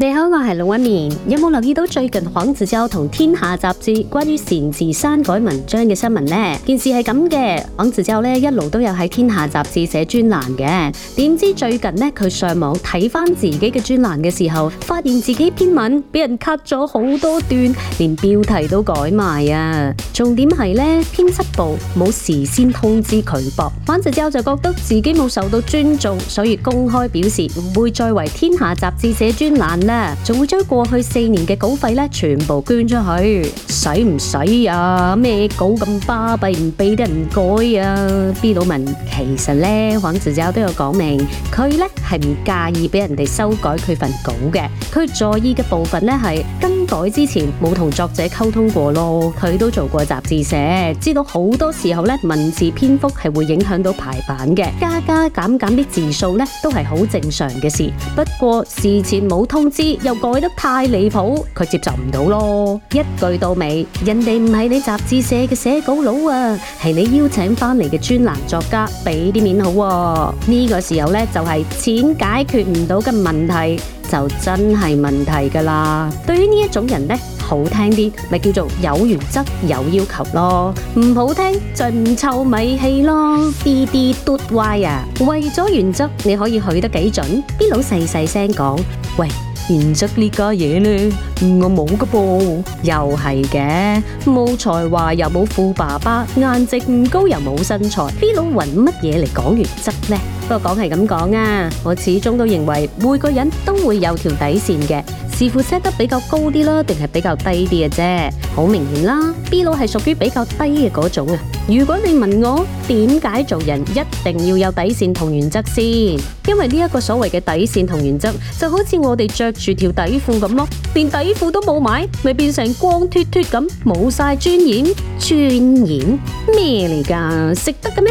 你好，我係龍紋敏。有冇留意到最近黃智洲同天下雜誌關於擅自刪改文章嘅新聞呢？件事係咁嘅，黃智洲咧一路都有喺天下雜誌寫專欄嘅。點知最近咧，佢上網睇返自己嘅專欄嘅時候，發現自己篇文俾人 cut 咗好多段，連標題都改埋啊。重點係呢，編輯部冇事先通知佢噃，黃智洲就覺得自己冇受到尊重，所以公開表示唔會再為天下雜誌寫專欄。咧，仲會將過去四年嘅稿費咧，全部捐出去，使唔使呀？咩稿咁巴閉，唔俾得人改呀？B 佬文其實咧，往時之後都有講明，佢咧係唔介意俾人哋修改佢份稿嘅，佢在意嘅部分咧係更改之前冇同作者溝通過咯。佢都做過雜誌社，知道好多時候咧文字篇幅係會影響到排版嘅，加加減減啲字數咧都係好正常嘅事。不過事前冇通知。又改得太離譜，佢接受唔到咯。一句到尾，人哋唔係你雜誌社嘅寫稿佬啊，係你邀請返嚟嘅專欄作家，俾啲面好，啊。呢、這個時候咧，就係、是、錢解決唔到嘅問題，就真係問題㗎喇。對於呢一種人咧，好聽啲咪叫做有原則、有要求咯，唔好聽就唔臭米氣咯，啲啲多壞啊！為咗原則，你可以去得幾準？Bill 老細細聲講，喂。原則呢家嘢呢，我冇㗎噃，又係嘅，冇才華又冇富爸爸，顏值唔高又冇身材，廢佬揾乜嘢嚟講原則呢？不過講係咁講啊，我始終都認為每個人都會有條底線嘅，視乎 set 得比較高啲咯，定係比較低啲嘅啫。好明顯啦，B 佬係屬於比較低嘅嗰種啊。如果你問我點解做人一定要有底線同原則先，因為呢一個所謂嘅底線同原則就好似我哋着住條底褲咁咯，連底褲都冇買，咪變成光脫脫咁，冇晒尊嚴，尊嚴咩嚟噶？食得嘅咩？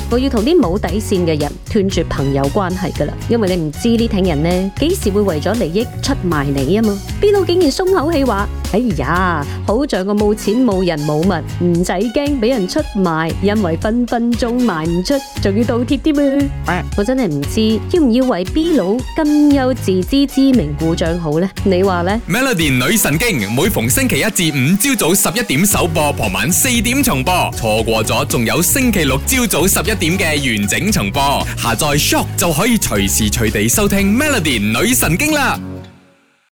我要同啲冇底線嘅人斷絕朋友關係噶啦，因為你唔知呢啲人呢幾時會為咗利益出賣你啊嘛！B 佬竟然鬆口氣話：哎呀，好在我冇錢冇人冇物，唔使驚俾人出賣，因為分分鐘賣唔出，仲要倒貼啲添。啊、我真係唔知要唔要為 B 佬更有自知之明鼓掌好呢？你話呢？Melody 女神經，每逢星期一至五朝早十一點首播，傍晚四點重播，錯過咗仲有星期六朝早十一。點嘅完整重播，下載 Shock 就可以隨時隨地收聽 Melody 女神經啦！